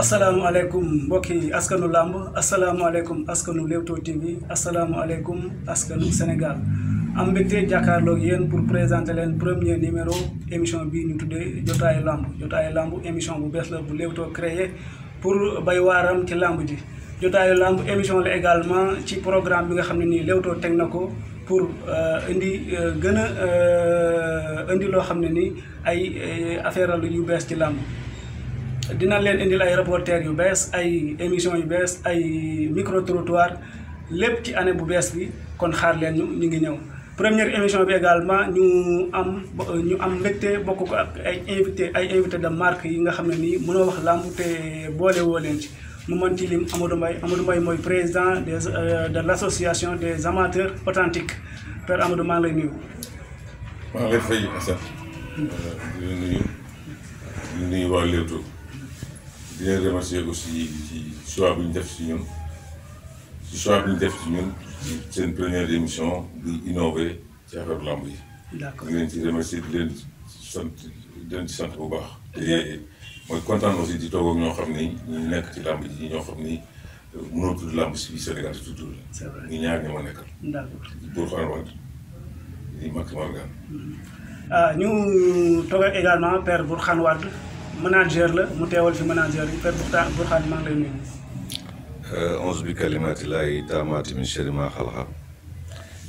asalaamaaleykum mbokki askanu làmb asalaamaaleykum askanu Leewtoo TV asalaamaaleykum askanu Sénégal am mbégte jàkkaarloog yéen pour présenter leen premier numéro émission bii ñu tuddee jotaayu làmb jotaayu làmb émission bu bees la bu Leewtoo créé pour bay waaram ci làmb ji jotaayu làmb émission la également ci programme bi nga xam ne nii Leewtoo teg na ko pour euh, indi euh, gën a euh, indi loo xam ne nii ay affaire yu bees ci làmb dina leen indil ay reporter yu bees ay émission yu bees ay micro lépp ci année bu bees bi kon xaar leen ñu ñu ngi ñëw première émission bi également ñu am ñu am mbégte bokk ko ak ay invité ay invité de marque yi nga xam ne nii mënoo wax làmb te boole woo leen ci mu mën ci lim Amadou Mbaye Amadou Mbaye mooy président des euh, de l' association des amateurs authentiques père Amadou lay nuyu. maa ngi lay fay Assane. Hmm. Euh, di nuyu di nuyu waa di leen remercier aussi ci choix bu ñu def si ñun ci choix bu ñu def si ñun ci seen première émission di innover ci affaire yi. d'accord leen ci remercier di leen sant leen ci sant bu baax. te mooy kontaan aussi di toog ñoo xam ni ñu nekk ci lamb ji ñoo xam ni mënoo tudd si biir Sénégal si tudd la. ñu ñaar ñu ma nekkal. d'accord di Bour manager la mu teewal fi manager yi Père Bourkhane Bourkhane maa ngi lay euh, taamaati min sharri maa xalaqa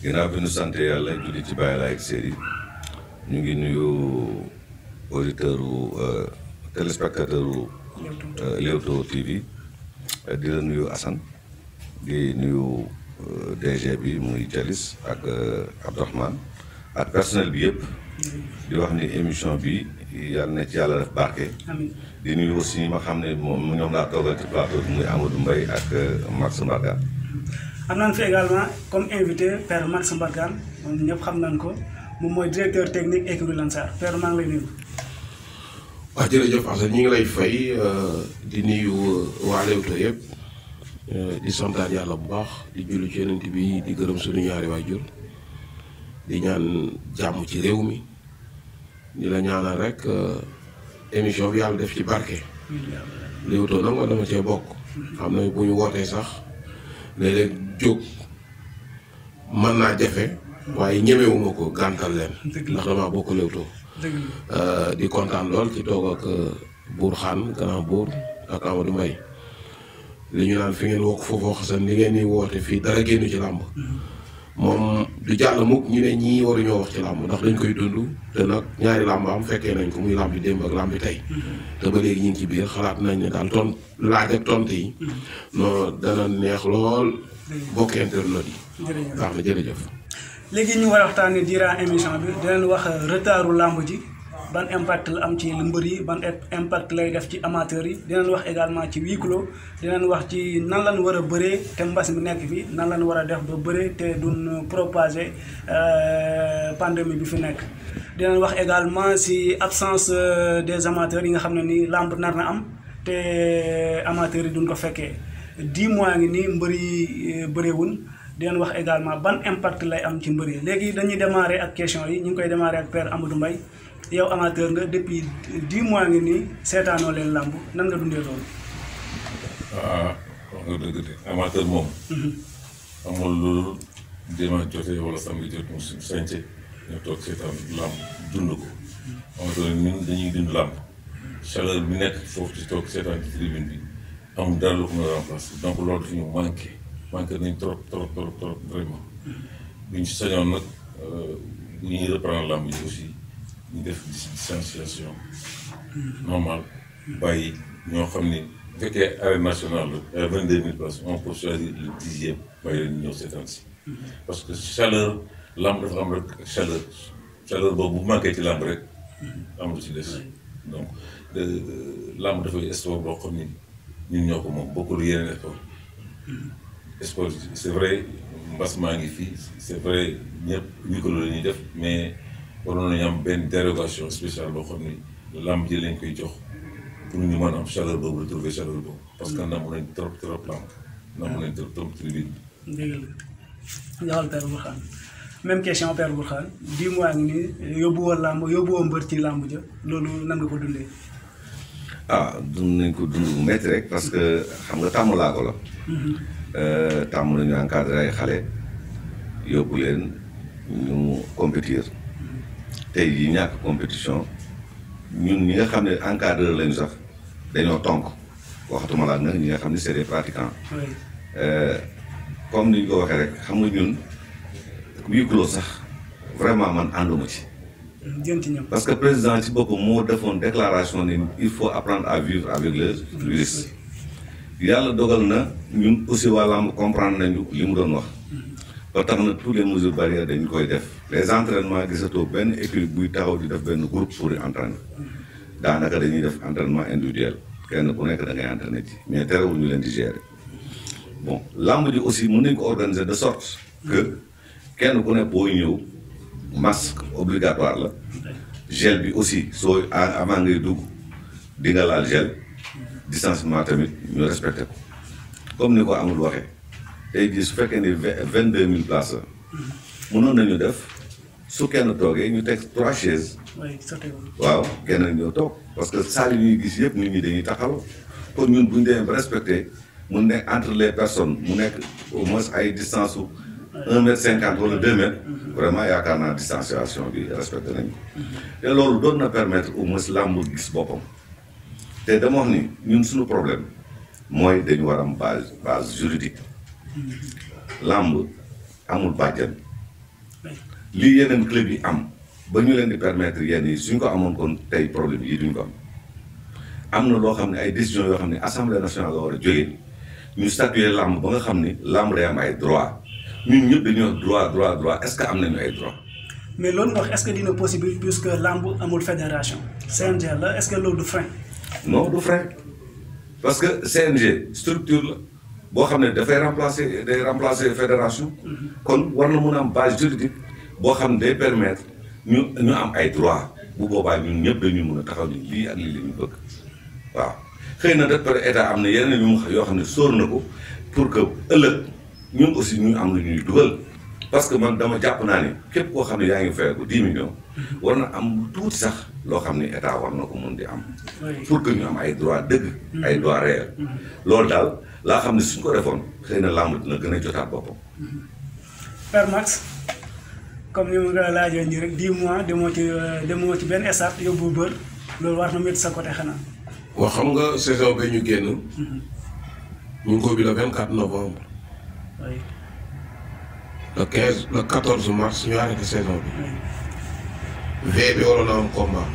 bi nu sant yàlla julli ci bàyyi laay ak séeri ñu ngi nuyu euh, auditeur u euh, téléspectateur u TV di la nuyu Assane di nuyu DG bi muy Thialis ak Abdourahmane ak personnel bi yëpp di wax ni émission bi yàlla na ci yàlla def barke di nuyu aussi ñi ma xam ne moom ñoom laa toogal ci plateau bi muy Amadou Mbaye ak euh, Max Mbargane am nañ fi également comme invité père Max Mbargane moom ñëpp xam nañ ko moom mooy directeur technique équipe Lansar père maa ngi lay nuyu waaw jërëjëf Assane ñu ngi lay fay euh, di nuyu euh, waa Leewtoo di santaan yàlla bu baax di julli ci Yonent bi di gërëm suñu ñaari waajur di ñaan jàmm ci réew mi di la ñaanal rek euh, émission bi yàlla def ci barke. Leewtoo nag man dama cee bokk. xam na bu ñu wootee sax léeg-léeg jóg mën naa jafe. waaye ñemewuma ko gàntal leen. ndax damaa bokk Leewtoo. Euh, di kontaan lool ci toog ak euh, buur xaan grand buur ak Amadou Mbaye li ñu naan fi ngeen wokk foofoo xasan li ngeen di woote fii dara génn ci làmb. Mm-hmm. moom du jàll mukk ñu ne ñii waruñoo wax ci làmb ndax dañ koy dund te nag ñaari làmb am fekkee nañ ko muy làmbi démb ak làmbi tey mm-hmm. te ba léegi ñu ngi ci biir xalaat nañ ne daal ton laaj ak tont yi mm-hmm. non dana neex lool bokk internet yi baax na jërëjëf léegi ñu war a émission bi dinañ wax retaru làmb ji ban impact la am ci mbër yi ban impact lay def ci amateurs yi dinañ wax également ci huis clos dinañ wax ci nan lañ war a bëree te mbas mi nekk fii nan lañ war a def ba bëree te duñ propager euh, pandémie bi fi nekk dinañ wax également si absence euh, des amateurs yi nga xam ne ni lamb nar na am te euh, amateurs yi duñ ko fekkee di mois ngi nii mbër yi bëreewuñ dinañ wax également ban impact lay am ci mbër yi léegi dañuy démarrer ak question yi ñu ngi koy démarrer ak Père Amadou Mbaye yow amateur nga depuis dix mois ngi nii seetaanoo leen làmb nan dundee loolu. waaw ah, wax de amateur moom. Mhm. amul lu dema jotee wala samedi jot mu sànce ñu toog seetaan làmb dund ko. amateur ñun dañuy dund làmb chaleur bi nekk foofu ci toog seetaan ci tribune bi amul dara lu ko mën a remplacer donc loolu dafa ñu manqué manqué nañ trop trop trop trop vraiment. Mhm. buñ nag euh, bu ñuy reprendre làmb aussi. ñu def distanciation normal bàyyi ñoo xam ni bu fekkee arène nationale la à euh, vingt deux mille places on peut choisir le dixième bàyyi leen ñëw seetaan si parce que chaleur lamb dafa am rek chaleur boobu bu manqué ci lamb rek am lu ci des donc euh, lamb dafay sport boo xam ni ñoo ko moom bokkul yeneen sport sport c'est vrai mbas maa ngi fii c'est vrai ñëpp ñu ko la ñuy mais waroon nañu am benn dérogation spéciale boo xam ni làmb ji lañ koy jox pour ñu mën am chaleur boobu retrouver chaleur boobu. parce que namm nañ trop trop làmb. namm nañ trop trop tribune. dëgg la yow Père Bourkhane même question Père Bourkhane dix mois nii yóbbuwoo làmb yóbbuwoo mbër ci ja loolu nan nga ko dundee. ah dund nañ ko dund bu métti rek parce que xam nga tàmm laa ko la. Mhm. Euh, tàmm nañu encadré ay xale yóbbu leen ñu compétir. tey jii ñàkk compétition ñun ñi nga xam ne encadreur lañu sax dañoo tonk waxatuma laa na ñi nga xam ne c'est des pratiquants. Euh, comme ni ñu ko waxee rek xam nga ñun huis clos sax vraiment man ànduma ci. parce que président ci boppam moo defoon déclaration ne il faut apprendre à vivre avec le virus. yàlla dogal na ñun aussi waa làmb comprendre nañu li mu doon wax. ba tax na tous les mesures barrières dañ koy def les entraînements gisatoo benn équipe buy taxaw di def benn groupe pour di entraîner daanaka dañuy def entraînement individuel kenn ku nekk da ngay entraîner ci mais terewul ñu leen di gérer bon làmb ji aussi mu nañ ko organiser de sorte que kenn ku nekk boo ñëw masque obligatoire la gel bi aussi soo avant ngay dugg di nga laal gel distanciement tamit ñu respecté ko comme ni ko amul waxee. tey jii su fekkee ni vingt deux mille places la mënoon nañu def su kenn toogee ñu teg trois chaises waaw kenn ñoo toog parce que salle yi ñuy gis yëpp nit ñi dañuy taxaw kon ñun bu ñu demee ba respecté mu nekk entre les personnes mu nekk au moins ay distance su un mètre cinquante wala deux mètres mhm. vraiment yaakaar naa distanciation bi respecté nañ ko mhm. te loolu doon na permettre au moins làmb gis boppam te dama ni ñun suñu problème mooy dañu war am base base làmb amul bàjjan lii yeneen club yi am ba ñu leen di permettre yenn yi suñ ko amoon kon tey problème yii duñ ko am am na loo xam ne ay décision yoo xam ne assemblée nationale la war a jógee ñu statuer làmb ba nga xam ni làmb day am ay droit ñu ñëpp dañuy wax droit droit droit est-ce que am nañu ay droit mais loolu nga wax est-ce que dina possible puisque làmb amul fédération CNG la est-ce que loolu du frein non du frein parce que CNG structure la boo xam ne dafay remplacer day remplacer fédération. Mhm. kon war na mun a am base juridique boo xam ne day permettre ñu ñu am ay droit bu boobaa ñun ñëpp ñu mun a taxaw ni lii ak lii la ñu bëgg waaw. xëy na da pare am na yeneen yu yoo xam ne sóor na ko pour que ëllëg ñun aussi ñu am lu ñuy dugal. parce que man dama jàpp naa ne képp koo xam ne yaa ngi fay ko 10 millions. war na am lu tuuti sax loo xam ne état war na ko mun di am. pour que ñu am ay droit dëgg. ay droit réel. Mm-hmm. loolu daal laa xam ne suñ ko defoon xëy na làmb dina gën a jotaat boppam. Mm-hmm. Père Max comme ni rek 10 mois demoo ci euh, demoo ci benn état yóbbu bër loolu war na métti sa côté xanaa. waaw xam nga saison bi ñu génn. Mm-hmm. ñu ngi ko bi le 24 novembre. le 15 le 14 mars ñu arrêté saison bi. V bi waroon na am combat.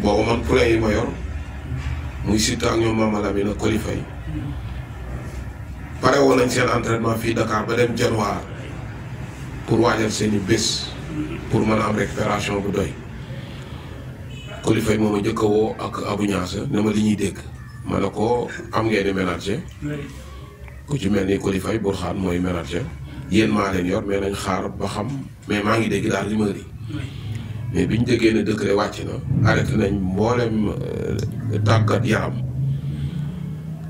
boobu man poulain yi yor. muy Siteu ak ñoom Mama Lamine ak Coly pare woon seen entraînement fii Dakar ba dem janvier pour waajal seen bés. pour mën a am récupération bu doy. Coly moom a njëkk a woo ak Abou Niass ne ma li ñuy dégg ma ne ko am ngeen di ku ci mel ni Coly Faye Bourkhane mooy ménager. yéen maa leen yor mais nañ xaar ba xam mais maa ngi dégg daal rumeur yi mais bi ñu déggee ne décret wàcc na arrêté nañ mboolem euh, tàggat yaram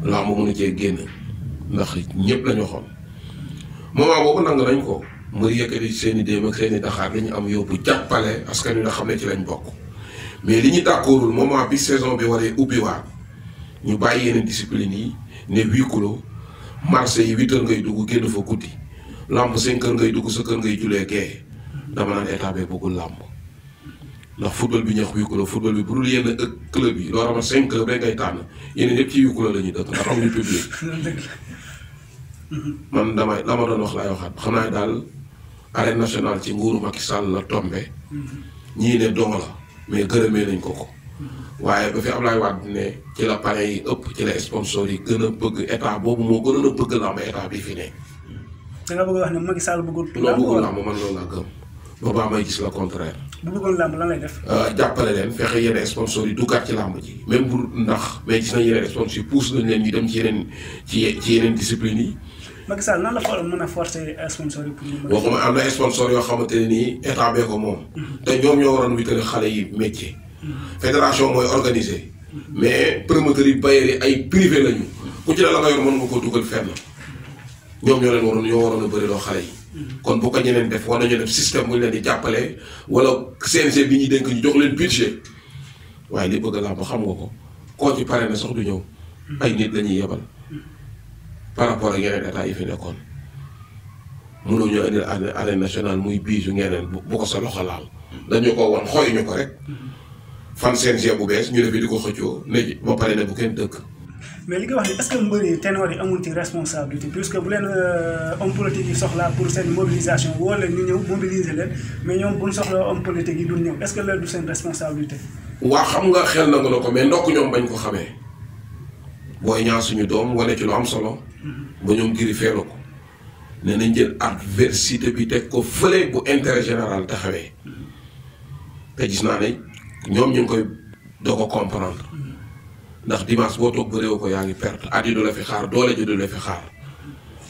laa ma mën a cee génn ndax ñëpp lañu waxoon moment boobu nang nañ ko mu yëkkati seen i déem ak seen i daxaar li ñu am yóbbu jàppale askan wi nga xam ne ci lañ bokk mais li ñu d'accordul moment bi saison bi waree ubbiwaat ñu bàyyi yeneen discipline yi ne huis clos marché yi huit ngay dugg génn fa guddi. làmb seen kër ngay dugg sa kër ngay julee kee dama naan état bëggul làmb ndax football bi ñu yukku la football bi bu dul yenn club yi loo xamante cinq club rek ngay tànn yeneen yëpp ci yukku la la ñuy dëkk ndax amuñu public man damay la ma wax laay waxaat xam naa daal arène nationale ci nguuru Macky Sall la tombé ñii ne dong la mais gërëmee nañ ko ko waaye ba fi Ablaye Wade ne ci la pare yi ëpp ci la sponsor yi gën a bëgg état boobu moo gënoon a bëgg fi ne da nga bëgg wax ne Macky Sall bëggul. la contraire. bu bëggoon làmb euh, leen fexe yeneen sponsors yi duggaat ci làmb ji même bu ndax mais gis nañ yeneen sponsors yi pousse nañ leen ñu dem ci yeneen ci ci yeneen discipline yi. Macky Sall nan la fa mën a euh, pour ñu. am na sponsors yoo xamante ne nii état bee ko moom. Mhm. te ñoom ñoo waroon wittale xale yi métier. Mhm. fédération mooy organise mhm. mais promoteurs ma bailleurs yi ay privé lañu. ku ci la la nga yor mën koo dugal fenn. ñoom ñoo leen waroon la waroon a bëri loo xale yi. kon bu ko ñeneen def war nañu def système bu ñu leen di jàppale wala CNG bi ñuy dénk ñu jox leen budget waaye li bëgg làmb xam nga ko koo ci pare na sax du ñëw. ay nit lañuy yebal. par rapport ak yeneen état yi fi nekkoon. mënoo ñu indil arène nationale muy biisu ngeeneen bu ko sa loxo laal. dañu ko won xooy ñu ko rek. fan CNG bu bees ñu def di ko xëccoo ne ba pare ne bu kenn dëkk. mais li nga wax ni est ce que mbër yi ténor yi amul ci responsabilité puisque bu leen euh, homme politique yi soxlaa pour seen mobilisation woo ñu ñëw mobiliser leen mais ñoom bu ñu soxla homme politique yi duñ ñëw est ce que loolu du seen responsabilité. waa xam nga xel nangu na ko mais ndokk ñoom bañ ko xamee booy ñaar suñu doom wane ci lu am solo. Mm-hmm. ba ñoom ngir feelu ko. ne nañ jël adversité bi te ko fële bu intérêt général taxawee. Mm-hmm. te gis naa ne ñoom ñu ngi koy doo ndax dimanche boo toog bëréew ko yaa ngi perte addi du la fi xaar doole ji du la fi xaar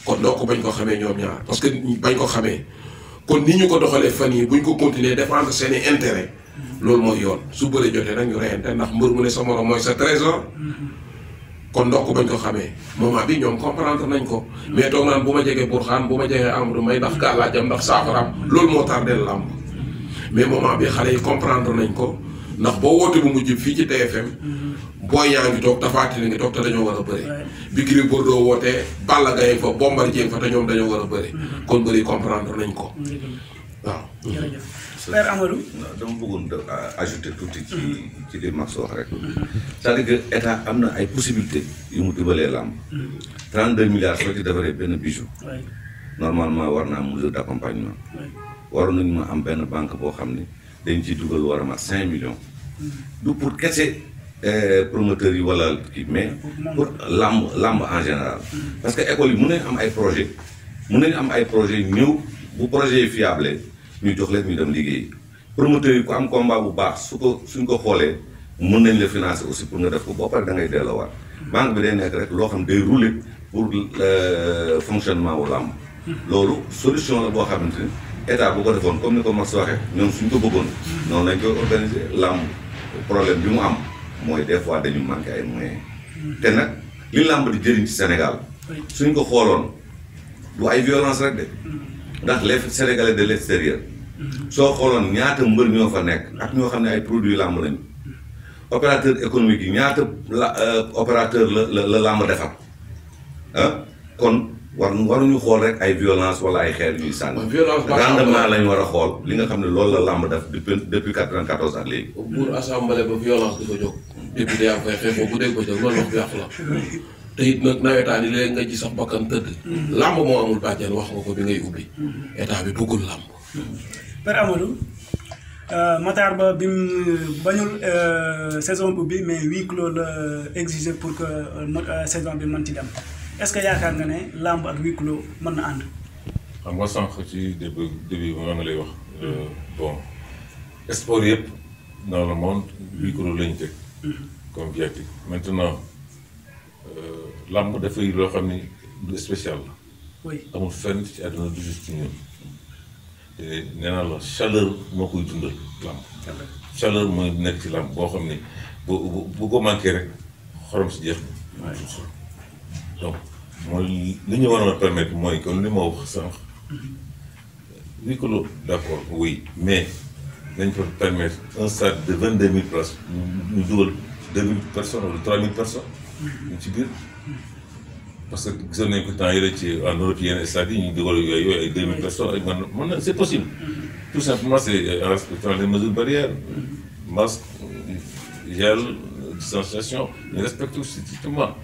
kon donc ko bañ koo xamee ñoom ñaar parce que bañ ko xamee kon ni ñu ko doxalee fan yi buñ ko continuer défendre seen i loolu mooy yoon su bëree jotee nag ñu reyante ndax mbër mu ne sa morom mooy sa trésor kon ndox ko bañ ko xamee moment bi ñoom comprendre nañ ko mais toog naan bu ma jegee Bourkhane bu ma jegee Amadou May ndax gàllaajam ndax saafaraam loolu moo tardé làmb mais moment bi xale yi comprendre nañ ko ndax boo woote bu mujj fii ci fm mm-hmm. booy yaa ngi toog tafaati na ngi toog te dañoo war a bëri. bi Gris Bordeaux wootee Balla Gaye fa Bombardier fa te ñoom dañoo war a bëri. Mm-hmm. kon bëri comprendre nañ ko. waaw. jërëjëf dama bëggoon de euh, ajouter tuuti ci mm-hmm. ci li Max wax rek. cest à que am na ay possibilités yu mu dimbalee làmb. 32 milliards soo ci defaree benn bijou. normalement war naa mesure d'accompagnement. waroon nañu ma am benn banque boo xam ni. dañ ciy dugal war a mat cinq millions du pour kese euh, promoteurs yi wala kii mais pour làmb làmb en général parce que école yi mën nañ am ay projet mun nañ am ay projet ñëw bu projet yi fiable ñu jox leen ñu dem liggéey promoteurs yi ko am combat bu baax su ko suñ ko xoolee mun nañ la financer aussi pour nga def ko ba pare da ngay delloowaat banque bi day nekk rek loo xam day rouler pour euh, fonctionnement wu làmb loolu solution la boo xamante ni état bu ko defoon comme ni ko Max waxee ñoom suñ ko bëggoon noonu lañ koy organiser làmb problème bi mu am mooy des fois dañu manqué ay moyens te nag li làmb di jëriñ ci Sénégal suñ ko xooloon du ay violence rek de ndax les Sénégalais de l'extérieur soo xooloon ñaata mbër ñoo fa nekk ak ñoo xam ne ay produits làmb lañu opérateur économique yi ñaata la euh, opérateur la la làmb defar ah kon war waruñu xool rek ay violence wala ay xeer yuy sànni. violence rendement lañ war a xool li nga xam ne loolu la làmb def depuis depuis quatre-vingt-quatorze ak léegi. pour assemblée ba violence di ko bu dee sax bakkan làmb moo amul bàjjan wax ko bi ngay ubbi. bi bëggul làmb. Père Amadou euh, Matar Ba bi mu bañul euh, saison bi mais huis clos la euh, exiger pour que saison bi man ci dem. est-ce que yaakaar nga ne làmb ak huis clos mën na ànd. xam nga sànq ci début début maa ngi lay wax. Euh, bon sport yëpp dans le monde huis clos lañ teg. comme viatique maintenant euh, làmb dafay loo xam ni lu spécial amul fenn ci àdduna du juste ci ñun. te nee la chaleur moo koy dundal làmb. chaleur mooy nekk ci làmb boo xam ni bu bu bu ko manqué rek xorom si jeex na. donc mooy li ñu waroon a mooy comme li ma wax sànq li ko loo d' accord mais dañ ko permettre un stade de vingt deux mille places ñu dugal deux mille personnes wala trois mille personnes ñu ci biir parce que gisoon nañ ko temps yële ci en Europe yenn stades yi ñu dugal yooyu yooyu ay deux mille personnes ak man man na c' possible tout simplement c' est euh, en respectant les mesures barrières masque gel distanciation ñu respecte strictement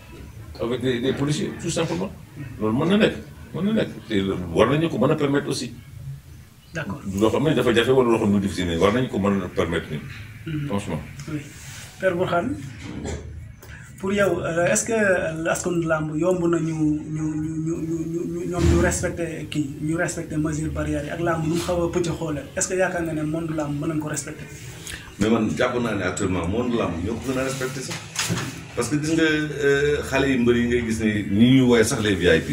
avec des des policiers tout simplement loolu mën na nekk mën na nekk war nañu ko mën a permettre aussi. d' accord loo xam ne dafa jafe wala loo xam ne difficile war nañu ko mën a permettre nii. Mm-hmm. franchement. oui Père pour yow euh, est ce que askanu làmb yomb na ñu ñu ñu ñu ñu ñoom ñu respecté kii ñu respecté mesure barrière yi ak làmb lu mu xaw a pëcc xoole est ce que yaakaar nga ne monde làmb mën nañu ko respecté. mais man jàpp naa ne actuellement monde làmb ñoo ko gën a respecté sax. parce que gis nga euh, xale yu mbër yi ngay gis ni ni ñuy woowee sax les VIP.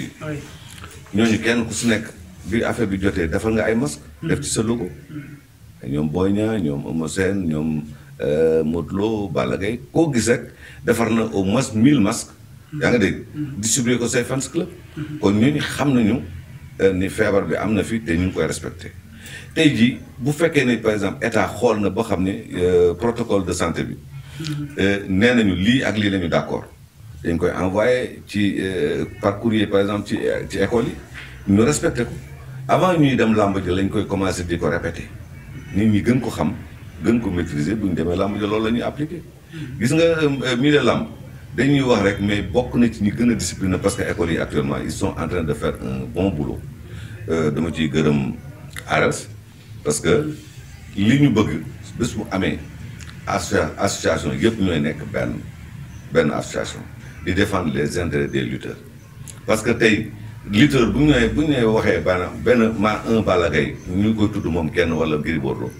ñooñu kenn ku su nekk bi affaire bi jotee defal nga ay masque mm. def ci sa logo. Mm. ñoom Boy ñoom Eumeu ñoom euh, Modou Lo Balla Gaye koo gis rek defar na au moins mille masques. Mm. yaa nga dégg. distribuer ko say fans la kon ñu xam nañu euh, ni feebar bi am na fi te ñu ngi koy respecté. tey jii bu fekkee ne par exemple état xool na boo xam ne protocole de santé bi. Euh, nee nañu lii ak lii lañu d'accord dañ koy envoyé ci euh, par courrier par exemple ci euh, ci école yi ñu respecté ko avant ñuy dem làmb ji lañ koy commencé di ko répété nit ñi gën ko xam gën ko maîtriser bu ñu demee làmb ji loolu la ñuy appliqué. gis nga milieu làmb dañuy wax rek mais bokk na ci ñi gën a discipliné parce que école yi actuellement ils sont en train de faire un bon boulot dama ciy gërëm ARES parce que li ñu bëgg bés bu amee. association yëpp ñooy nekk benn benn association di défendre les intérêts des lutteurs parce que tey lutteur bu ñu bu ñu nee waxee benn benn ma un Balla Gaye ñu ngi koy tudd moom kenn wala Gris Bordeaux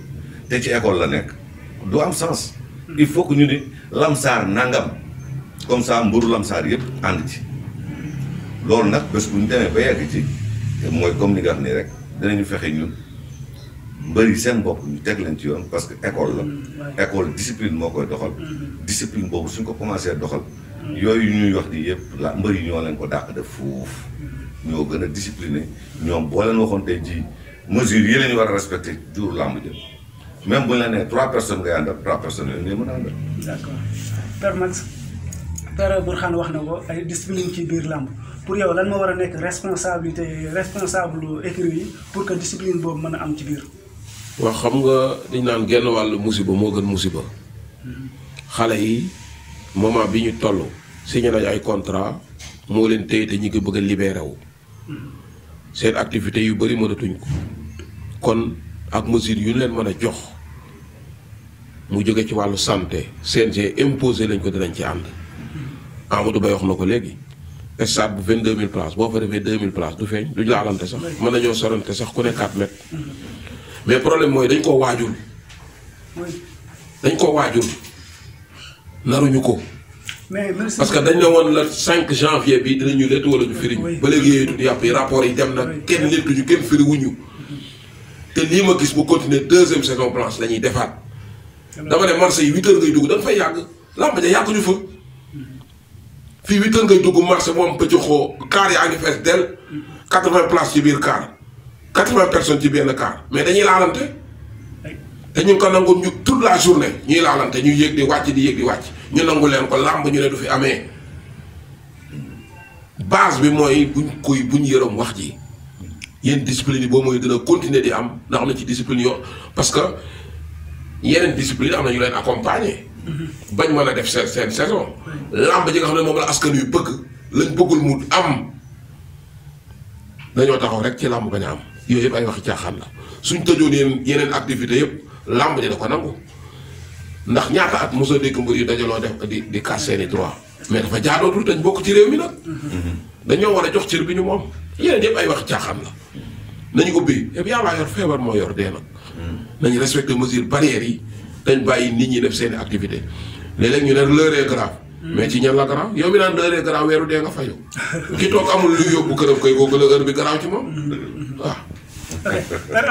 te ci école la nekk du am sens il faut que ñu ni lamsaar nangam comme ça mburu lamsaar yëpp ànd ci loolu nag bés bu ñu demee ba yegg ci mooy comme ni nga xam ni rek dinañu fexe ñun mbër yi seen bopp ñu teg leen ci yoon parce que école la mm, école discipline moo koy doxal mm-hmm. discipline boobu suñ ko commencé doxal yooyu ñuy wax di yëpp la mbër yi ñoo leen ko dàq def fuuf mm-hmm. ñoo gën a discipliné ñoom boo leen waxoon tey jii mesures yi lañu war a respecté jur làmb jëm même bu ñu la nee trois personnes ngay àndal trois personnes yooyu ngay mën a àndal. d'accord Père Max Père Bourkhane wax na ko ay discipline ci biir làmb pour yow lan moo war a nekk responsabilité responsable écurie yi pour que discipline boobu mën a am ci biir. waaw xam nga dañ naan genn wàllu musiba moo gën musiba xale yi moment bi ñu toll signé nañ ay contrat moo leen téye te ñi ngi bëgg a rew seen activité yu bëri mënatuñ ko kon ak mesure yu ñu leen mën a jox mu jóge ci wàllu santé CNG imposé lañ ko dinañ ci ànd Amadou Ba wax na ko léegi stade bu 22000 places boo fa defee 2000 places du feeñ du laalante sax mën nañoo sorante sax ku ne 4 mètres mais problème mooy dañ koo waajul dañ koo waajul naruñu ko. parce que dañ ne woon la cinq janvier bi dinañu lett wala ñu firiñu ba léegi yooyu tudd yàpp yi rapport yi dem na kenn lettuñu kenn firiwuñu te lii ma gis bu continuer deuxième saison blanche la defaat dama ne marché yi huit heures ngay dugg da nga fay yàgg làmb ja yàgguñu fa fii huit heures ngay dugg marché moom pëcc xoo kaar yaa ngi fees del quatre-vingts places ci biir kaar quatre-vingts personnes ci benn car mais dañuy laalante te ñu ko nangu tout la journée ñuy laalante ñu yéeg di wàcc di yéeg di wàcc ñu nangu leen ko làmb ñu ne du fi amee base bi mooy buñ kuy buñ yërëm wax ji yenn discipline yi boo mooy dina continuer di am ndax am na ci discipline yoo parce que yeneen discipline am na ñu leen accompagner. bañ mën a def seen seen saison. làmb ji xam ne moom la askan wi bëgg lañ bëggul mu am dañoo taxaw rek ci làmb bañ a am. yooyu yëpp ay waxi xam la suñ tëjoon yeneen yeneen activité yëpp làmb ji ko nangu ndax ñaata at mosoo dégg mbir yu dajaloo def di di casse seeni droit mais dafa jaadootul dañ bokk ci réew mi nag dañoo war a jox cër bi ñu moom yeneen yëpp ay waxi caaxaan la nañu ko béy yëpp yàllaa yor feebar moo yor dee nag nañu respecté mesures barrières yi dañ bàyyi nit ñi def seeni activité léeg-léeg ñu ne l'heure est grave mais ci ñan la garaaw yow mi naan dëree garaaw weeru dee nga fayu ki toog amul lu yóbbu këram koy kooku la heure bi garaaw ci moom waaw ok Père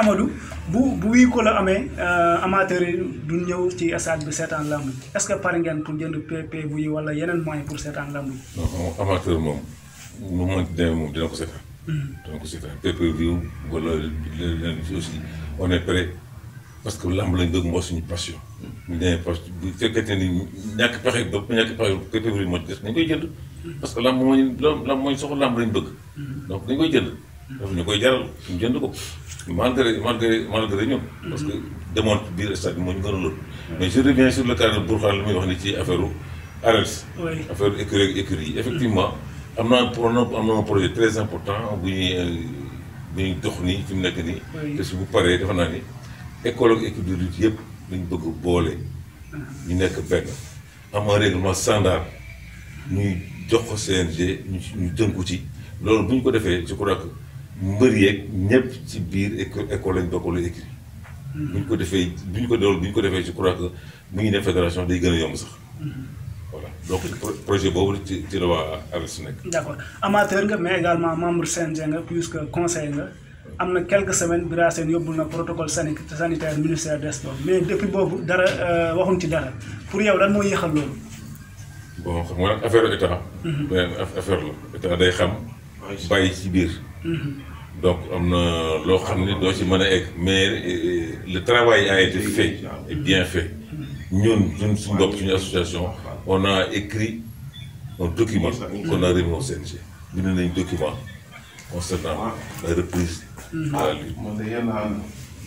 bu bu wii ko la amee euh, amateur yi du ñëw ci stade bi seetaan lamb est-ce que pare ngeen pour jënd PPV yi wala yeneen moyens pour seetaan lamb yi. non amateur moom moom moo ci demee moom dina ko seetaan. Hmm. dina ko seetaan PPV wala leneen aussi on est prêt parce que lamb lañ bëgg moo suñu passion. bu hmm. ñu demee parce que bu fekkente ni ñàkk pexe ba ñàkk pexe PPV moo ci des nañ jënd. Hmm. parce que lamb moo ñu lamb moo ñu soxla lamb lañ bëgg. donc dañ koy jënd. daf ñu koy jaral ñu jënd ko malgré malgré malgré ñoom. parce que demoon biir stade bi moo ñu gën a lool. mais je reviens sur le cas de Bourkhane li muy wax ni ci affaire ARES. affaire écurie écurie yi effectivement am naa am na un projet très important bu ñuy bu dox nii fi nekk nii. te bu paree defe naa ni école ak équipe de yëpp dañu bëgg boole. Ah. ñu nekk benn am un règlement standard ñuy jox ko CNG ñu ñu dënku ci loolu bu ñu ko defee je crois que. mbër yeeg ñëpp ci biir école lañ bokk lu écrit hmm. bu ñu ko defee bu ko dool bu ñu ko defee je crois que bu ñu ne fédération day gën a yomb sax hmm. voilà donc projet boobu ci ci la waa ARES nekk. d' accord nga mais également membre CNG nga plus que conseil nga am na quelques semaines Bira Sène yóbbul na protocole sanitaire ministère des sports mais depuis boobu dara euh, waxuñ ci dara pour yow lan moo yéexal loolu. bon xam nga nag affaire état. Hmm. affaire la état day xam. bàyyi ci biir. donc am na loo xam ni doo ci mën a mais euh, euh, le travail a été fait et bien fait ñun ñun suñu bopp suñu association on a écrit un document qu'on a remis au CNG bind nañ document concernant la reprise de la lutte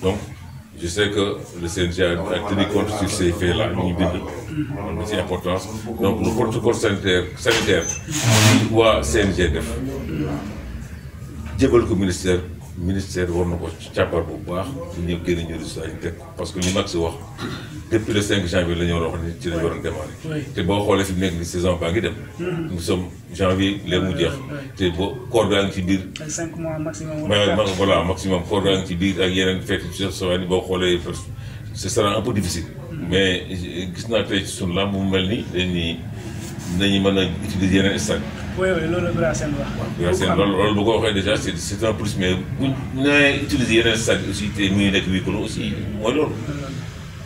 donc je sais que le CNG a, a tenu compte sur ces faits-là ñu bind am na ci importance donc le protocole sanitaire sanitaire waa CNG def jébal ko ministère ministère war na ko càmbar bu baax ñu génn ñu résultat ñu teg parce que ñu mag si wax depuis le 5 janvier la ñu war a wax ni ci lañu waroon démarrer te boo xoolee fi mu nekk ni saison baa dem mm-hmm. nous sommes janvier léegi mu te boo koor ci biir cinq mois maximum voilà maximum ngi ci biir ak yeneen fête soo sawaan yi boo xoolee ce sera un peu difficile mm-hmm. mais gis naa tey ci suñu làmb mu mel ni dañuy nañu mën a utiliser yeneen stade oui oui loolu la Bira aussi te muy nekk huis clos aussi mooy loolu.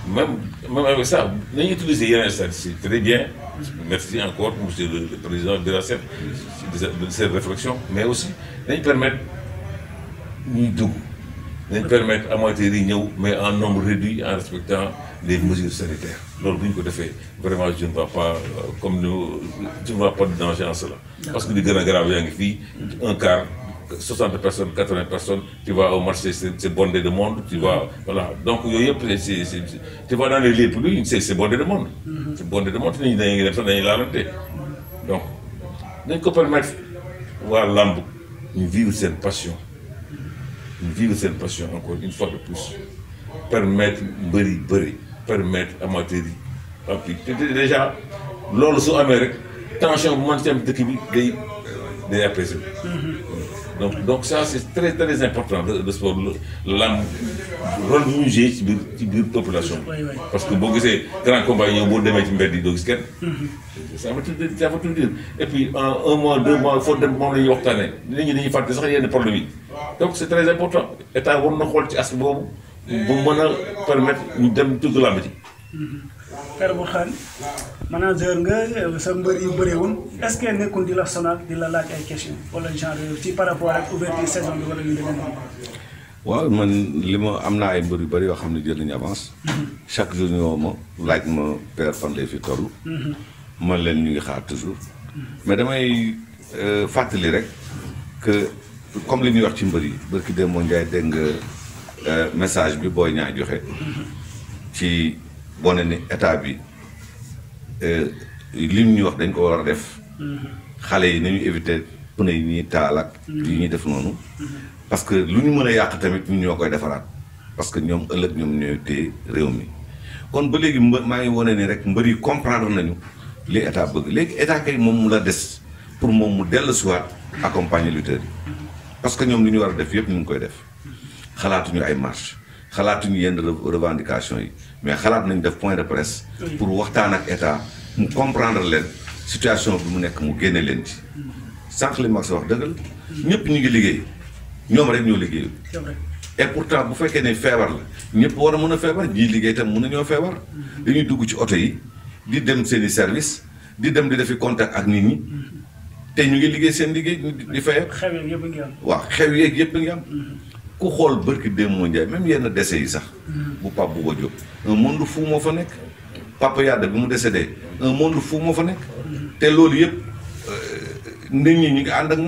même même avec ça nañu très bien. merci encore monsieur le le président Bira Sène de cette réflexion mais aussi nañ permettre ñuy dugg. nañ permettre amateurs yi ñëw mais en nombre réduit en respectant les mesures sanitaires. loolu bu ñu ko defee vraiment je ne vois comme nous je ne vois pas de danger parce que li gën a grave yaa ngi fii. un quart soixante personnes quatre vingt personnes tu vas au marché c' est bondé de monde tu vas mm-hmm. voilà donc yooyu yëpp c' est c' est tu vas dans les lieux publics c' est c' est bondé de monde. Mm-hmm. c' est bondé de monde te nit laalante donc dañ ko permettre waa làmb ñu vivre seen passion ñu vivre seen passion encore une fois de plus permettre mbëri bëri. permettre amateurs yi ak te déjà loolu su amee rek tension bu mën ci am dëkk bi day day apaisé mm-hmm. donc donc ça c' est très très important le sport lamb rôle bu ñu joué ci biir ci population parce que boo gisee grand combat yi ñoom boo demee ci mbedd yi doo gis kenn. Mm-hmm. ça va tout ça va tout dire et puis un mois deux mois foo dem moom la ñuy waxtaanee nit ñi dañuy fàtte sax yenn problème yi donc c' très important état war na xool ci aspect boobu. bu mën a permettre ñu dem dugg làmb ji. Père Bourkhane manager nga euh, sa mbër yu bëriwul est-ce que nekkul di la sonal di la laaj ay question wala genre ci par rapport ak ouverture saison bi waaw man li ma am naa ay mbër yu bëri yoo xam ne jël nañu avance. Mhm. chaque jour ñu woo ma laaj ma père fan fi toll. Mhm. man leen ñu ngi xaar toujours. Mhm. mais damay euh, fàttali rek que comme li ñuy wax ci mbër yi barki Demba Ndiaye dégg nga. Euh, message bi booy ñaa joxe ci wone ne état bi euh, lim ñu wax dañ ko war a def xale yi nañu éviter pneu yi ñuy taal ak yi ñuy def noonu parce que lu ñu mën a yàq tamit ñun ñoo koy defaraat parce que ñoom ëllëg ñoom ñooy téye réew mi kon ba léegi mba maa ngi wane ni rek mbër yi comprendre nañu li état bëgg léegi état kay moom mu la des pour moom mu dellu siwaat accompagner lutteurs yi parce que ñoom lu ñu war a def yëpp ñu ngi koy def xalaatuñu ay marche xalaatuñu yenn revendication yi mais xalaat nañ def point de presse pour waxtaan ak état mu comprendre leen situation bi mu nekk mu génne leen ci sànq li mag sa wax dëggal ñëpp ñu ngi liggéey ñoom rek ñoo liggéey et pourtant bu fekkee ne feebar la ñëpp war a mën a feebar ñii liggéey tam mën nañoo feebar dañuy dugg ci oto yi di dem seen i service di dem di defi contact ak nit ñi te ñu ngi liggéey seen liggéey di fayal waa xew yeeg yëpp ngi am ku xool barki démb Ndiaye même yenn décès yi sax. bu Pape Bouba Diop un monde fou moo fa nekk. Papa Yade bi mu décédé un monde fou moo nekk. te loolu yëpp euh, nit ñi ñu ngi ànd ak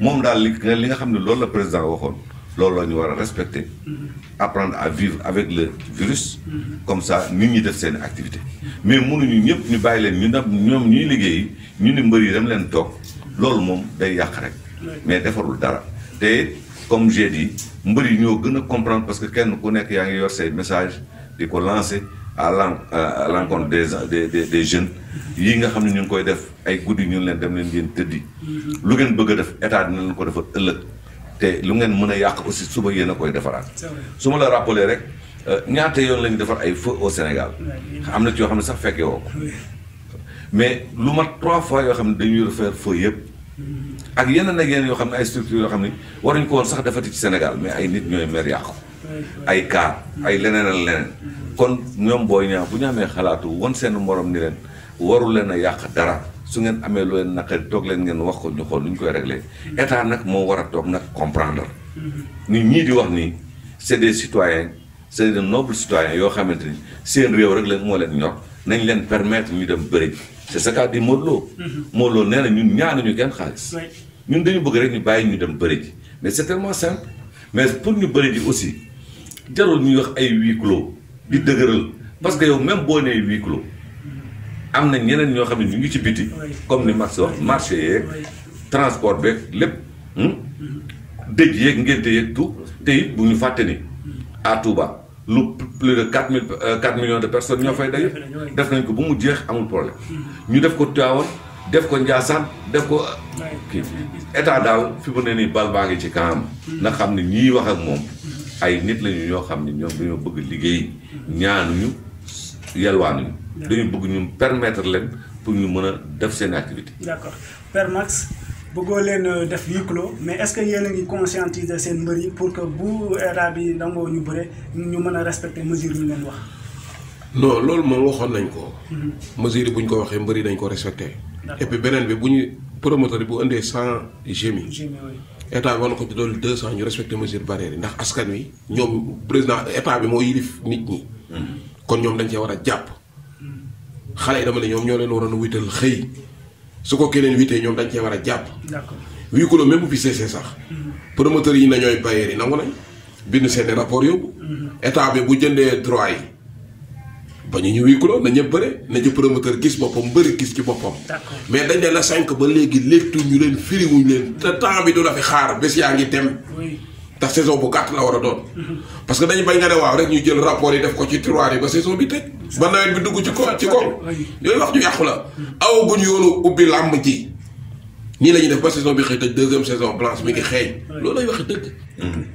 moom daal li li nga xam ne loolu la président waxoon loolu la ñu war a respecter. apprendre à vivre avec le virus. comme ça nit ñi def seen activité. mais mënuñu ñëpp ñu bàyyi leen ñu ne ñoom ñuy liggéey ñu ni mbër yi dem leen toog loolu moom day yàq rek. mais defarul dara comme j'ai yi mbër yi ñoo gën a comprendre parce que kenn ku nekk yaa ngi yor say message di ko lancer à à l'encontre des des des des jeunes yi nga xam ne ñu ngi koy def ay guddi ñu leen dem leen ngeen tëddi. Mm-hmm. lu ngeen bëgg a def état dina leen ko defar ëllëg te lu ngeen mën a yàq aussi suba yéen a koy defaraat. su ma la rappeler rek euh, ñaata yoon lañu defar ay feu au Sénégal. am na ci yoo xam ne sax fekkee woo ko mais lu mat trois fois yoo xam ne dañuy refaire feu yëpp. Mm-hmm. ak yenn nag yenn yoo xam ne ay structure yoo xam ne waruñ ko woon sax defati ci Sénégal mais ay nit ñooy mer yàqu ay kaar ay leneen a leneen kon ñoom booy ñaa bu ñu amee xalaatu won seen moroom ni leen waru leen a yàq dara su ngeen amee lu leen naqari toog leen ngeen wax ko ñu xool ñu koy réglé état nag moo war a toog nag comprendre ni ñii di wax nii c'est des citoyens c'est des nobles citoyens yoo xamante ni seen réew rek leen moo leen ñor nañ leen permettre ñu dem bëri c'est ce qu'a dit moo Lo Modou Lo mm-hmm. na ñun ñaanuñu ñun dañu bëgg rek ñu bàyyi ñu dem bëri ji mais c'est tellement simple mais pour ñu bëri aussi jarul ñuy wax ay huis di dëgëral parce que yow même boo nee huis am na ñeneen ñoo xam ne ñu ngi ci biti comme ni Max wax marché yeeg transport beeg lépp hmm? mm-hmm. dëj yeeg ngénte yeeg tout te it bu ñu fàtte ni mm-hmm. à Touba lu plus de quatre mille euh, quatre millions de personnes ñoo fay daje def nañ ko bu mu jeex amul problème mm-hmm. ñu def ko Tivaouane def ko Ndiassane def ko kii état daal fi mu ne nii bal baa ngi ci kanam mm. na xam ne ñii wax ak moom ay nit lañu ñoo xam ne ñoom dañoo bëgg liggéey mm. ñaanuñu yelwaanuñu mm. dañu bëgg ñu permettre leen pour ñu mën a def seen activité d'accord Père Max bëggoo leen euh, def huis clos mais est-ce que yéen a ngi conscientiser seen mbër yi pour que bu état bi dangoo ñu bëre ñu mën a respecter mesure ñu leen wax non loolu moom waxoon nañ ko mm-hmm. mesure bu buñ ko waxee mbër yi dañ ko respecté et puis beneen bi bu ñu promoteur bi bu indee cent GMI. état bi war na ko ci doon deux cent ñu respecté mesure barrière yi ndax askan wi ñoom président état bi moo yilif nit ñi. Mm. kon ñoom dañ cee war a jàpp. Mm. xale yi dama ne ñoom ñoo leen waroon a wital xëy su ko keneen witee ñoom dañ cee war a jàpp. d'accord huis clos même bu fi seesee sax. Mm. promoteurs yi nañooy ñooy bailleurs yi nangu nañ bind seen i rapports yóbbu. état bi bu jëndee droit yi. ba ñu ñu wiikuloo na ñëpp bëre na ñu promoteur gis boppam bëri gis ci boppam. mais dañ ne la sànq ba léegi léttu ñu leen firiwuñ leen te temps bi du la fi xaar bés yaa ngi dem. ndax saison bu gàtt la war a doon. Mhm. parce que dañ bañ nga ne waaw rek ñu jël rapport yi def ko ci tiroir yi ba saison bi tëj. ba bi dugg ci ko ci kaw. yooyu wax ju yàqu la. aw guñ yoonu ubbi làmb ji. nii la ñuy def ba saison bi xëy tëj deuxième saison blanche mi ngi xeeñ. loolu lay wax dëgg. Mhm.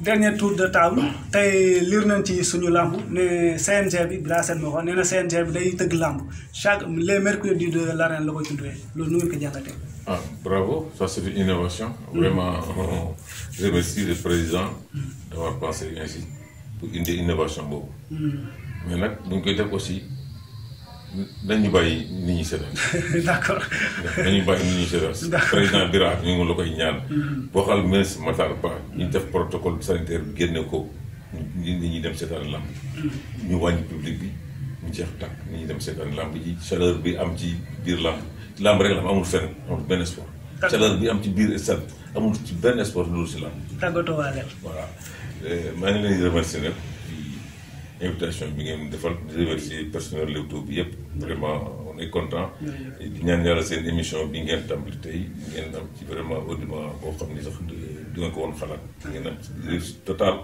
dernier tour de table tey liir nañ ci suñu làmb ne CNG bi Bira Sène moo ko nee CNG bi day tëgg làmb chaque les mercredis de l'arène la ko tuddee loolu nu ngeen ko jàngatee. Ah, bravo ça c'est innovation. Mm. vraiment on euh, remercie le président d'avoir pensé ainsi pour indi innovation boobu. Mm. mais nag bu ñu koy def aussi. dañu bàyyi nit ñi seetaan. d' accord dañu bàyyi nit ñi seetaan. président Bira ñu ngi la koy ñaan. Mm-hmm. waxal ministre Matar Ba ñu def protocole sanitaire bi génne ko nit ñi dem seetaan làmb ji. Mm-hmm. ñu wàññi public bi mu jeex tàkk nit ñi dem seetaan làmb ji chaleur bi am ci biir làmb làmb rek la amul fenn amul benn sport. chaleur bi am ci biir stade amul ci benn sport loolu si làmb. tàggatoo waa voilà eh, maa ngi leen di remercier nag. invitation bi ngeen defal di remercier personnel Leewtoo bi yëpp. Mm-hmm. vraiment on est content. Mm-hmm. di ñaan yàlla seen émission bi ngeen tàmbali tey ngeen am ci vraiment audimat boo xam ni sax du nga ko woon xalaat. ngeen am ci total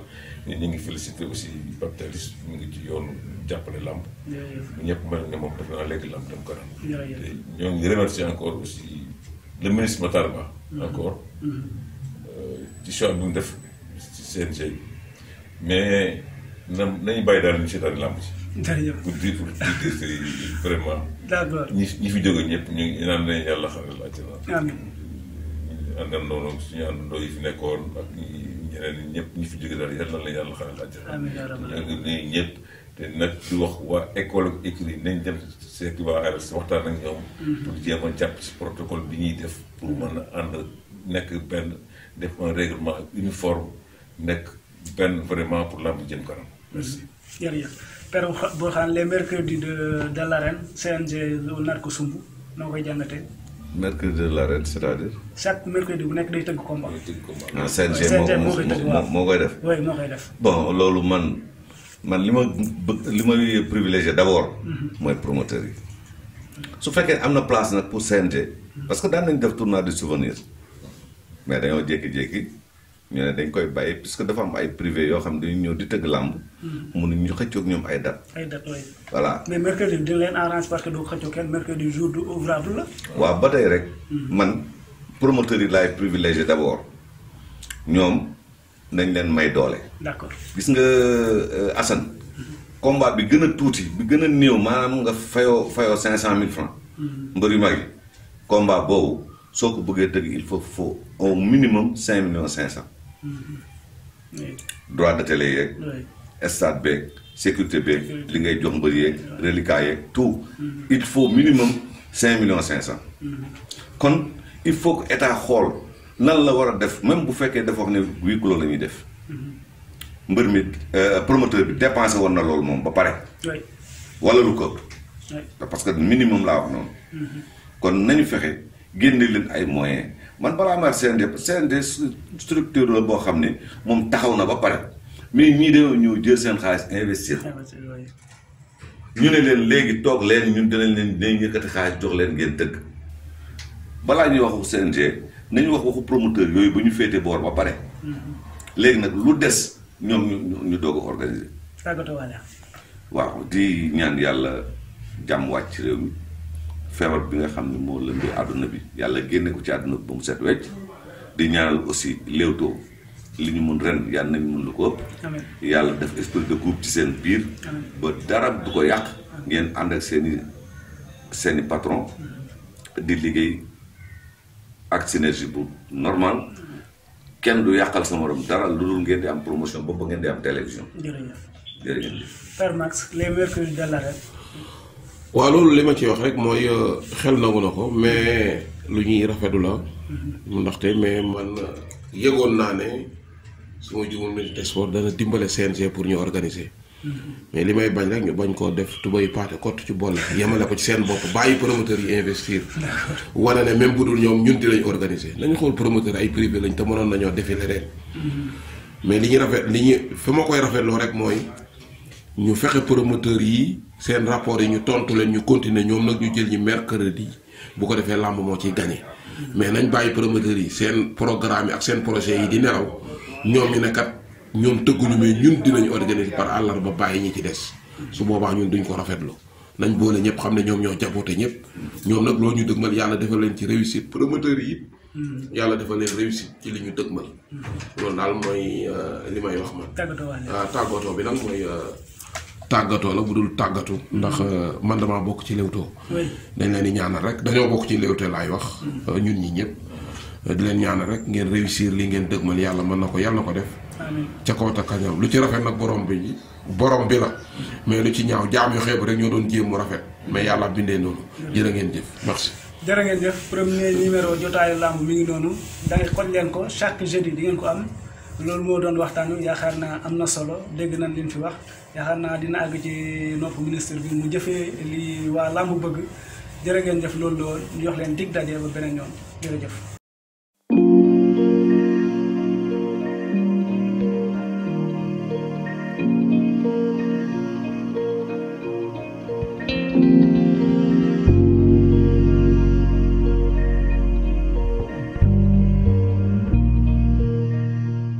ñun ñu ngi félicité aussi Pape mu ngi ci yoon jàppale làmb. Mm-hmm. ñëpp mel ne moom def naa léegi làmb dem kanam. te ñoo ngi remercier encore aussi le ma Matar Ba. encore euh, ci choix bi mu def ci CNG bi mais. na nañu bàyyi daal ñu seetaan làmb ci. jërëjëf pour dire pour dire vraiment. d'accord ñi ñi fi jóge ñëpp ñu ngi naan nañu yàlla xaral àjjana. amiin ñu àndandoo ak suñu àndandoo yi fi nekkoon ak ñeneen ñëpp ñi fi jóge daal yàlla na yàlla xaral àjjana. amiin yaa rabbi ñu ngi ñëpp. te nag di wax waa école ak écrit nañ dem seeti waa ARS waxtaan ak ñoom. Mhm. pour jéem a jàpp si protocole bi ñuy def. pour mën a ànd nekk benn def un règlement uniforme nekk benn vraiment pour làmb jëm kanam. merci jërëjëf Père Bourkhane les mercredis de de l'arène CNG nar ko sumb noo koy jàngatee. mercredi de l'arène c'est-à-dire. chaque mercredi bu nekk day tëgg combat. day tëgg CNG moo koy def moo koy def. oui bon loolu man man li ma bë li ma privilégié d'abord. Mhm. mooy promoteur yi. su fekkee am na place nag pour CNG. parce que daan nañ def tournoi de souvenir mais dañoo jékki-jékki. ñu ne dañ koy bàyyi puisque dafa am ay privé yoo xam ne dañu ñëw di tëgg làmb. Hmm. mënuñ ñu xëccoog ñoom ay date. ay date oui. voilà mais mercredi dina leen arrange parce que doo xëccoo kenn mercredi jour du waaw ba tey rek. Hmm. man promoteur yi laay privilégié d' abord ñoom nañ leen may doole. d' accord gis nga euh, Assane. combat bi gën a tuuti bi gën a néew maanaam nga fayoo fayoo cinq cent mille francs. Hmm. mbër yu mag yi combat boobu soo ko bëggee tëgg il faut faut au minimum cinq millions cinq cent. Mm-hmm. droit de télé yeeg. stade beeg sécurité beeg. li ngay jox mbër yeeg reliquat yeeg tout. Mm-hmm. il faut minimum cinq millions cinq cent. Mm-hmm. kon il faut que état xool nan la war a def même bu fekkee def wax ne huis clos la ñuy def. mbër mi euh, promoteur bi dépensé woon na loolu moom ba pare. wala lu parce que minimum laa wax noonu. kon nañu fexe génne leen ay moyen man balaa maa CND CND structure la boo xam ne moom taxaw na ba pare mais ñii dañoo ñëw jël seen xaalis investir. ñu ne leen léegi toog leen ñun dinañ leen dinañ yëkkati xaalis jox leen ngeen dëkk balaa ñuy waxu CNG nañu wax waxu promoteur yooyu ba ñu féete boor ba pare. Mm-hmm. léegi nag lu des ñoom ñu ñu doog a waaw di ñaan yàlla jàmm wàcc réew mi. feebar bi nga xam ne moo lëmbee àdduna bi yàlla génne ko ci àdduna bi ba mu set wecc di ñaanal aussi Leewtoo li ñu mun ren yàlla nañu mun lu ko ëpp yàlla def esprit de ci seen biir ba dara du ko yàq ngeen ànd ak seen i seen i patron di liggéey ak synergie bu normal kenn du yàqal sa morom dara lu dul ngeen di am promotion bopp ngeen de am télévision waa loolu li ma ci wax rek mooy euh, xel nangu na ko mais lu ñuy rafetlu la mhm. ndaxte mais man euh, yëgoon naa ne su ma jugul ministre des sports dana dimbale CNG pour ñu organiser. Mhm. mais li may bañ rek ñu bañ koo def tubay paate kott ci boole yemale ko ci seen bopp bàyyi promoteurs yi investir. wane ne même bu dul ñoom ñun dinañ organiser nañu xool promoteur ay privé lañ te mënoon nañoo défiler ren. Mhm. mais li ñu rafet li ñu fi ma koy rafetloo rek mooy. ñu fexe promoteur yi seen rapport yi ñu tontu leen ñu continuer ñoom nag ñu jël ñi mercredi bu ko defee làmb moo ciy gagné. mais nañ bàyyi promoteurs yi seen programme yi ak seen projet yi di nelaw ñoom ñu ne kat ñoom tëgguñu mais ñun dinañ organiser par àllarba bàyyi ñi ci des. su boobaa ñun duñ ko rafetlu. nañ boole ñëpp xam ne ñoom ñoo jaboote ñëpp. ñoom nag loolu ñu dëgmal yàlla defal leen ci réussite promoteurs yi yàlla defal leen réussite ci li ñu dëgmal. loolu daal mooy euh, li may wax man. tàggatoo ah, bi tàggatoo la bu dul tàggatu. ndax mm-hmm. euh, man damaa bokk ci Leewtoo. dañ leen di ñaanal rek dañoo bokk ci Leewtoo laay wax. Mm-hmm. Euh, ñun ñi ñëpp. Euh, di leen ñaanal rek ngeen réussir li ngeen dëgmal yàlla mën na ko yàlla na ko def. ca kaw ta kañam lu ci rafet nag borom bi borom bi la. Mm-hmm. mais lu ci ñaaw jaam yu xeeb rek ñoo doon jéem mu rafet. mais yàlla bindee noonu. jërë ngeen jëf merci. jërë ngeen jëf premier numéro jotaayu làmb mi ngi noonu da ngay xool leen ko chaque jeudi di ngeen ko am loolu moo doon waxtaanu yaakaar naa am na solo dégg nañ li ñu yaakaar naa dina àgg ci nopp ministre bi mu jëfee lii waa mu bëgg jërë ngeen jëf loolu lool ñu jox leen dig daje ba beneen yoon jërëjëf.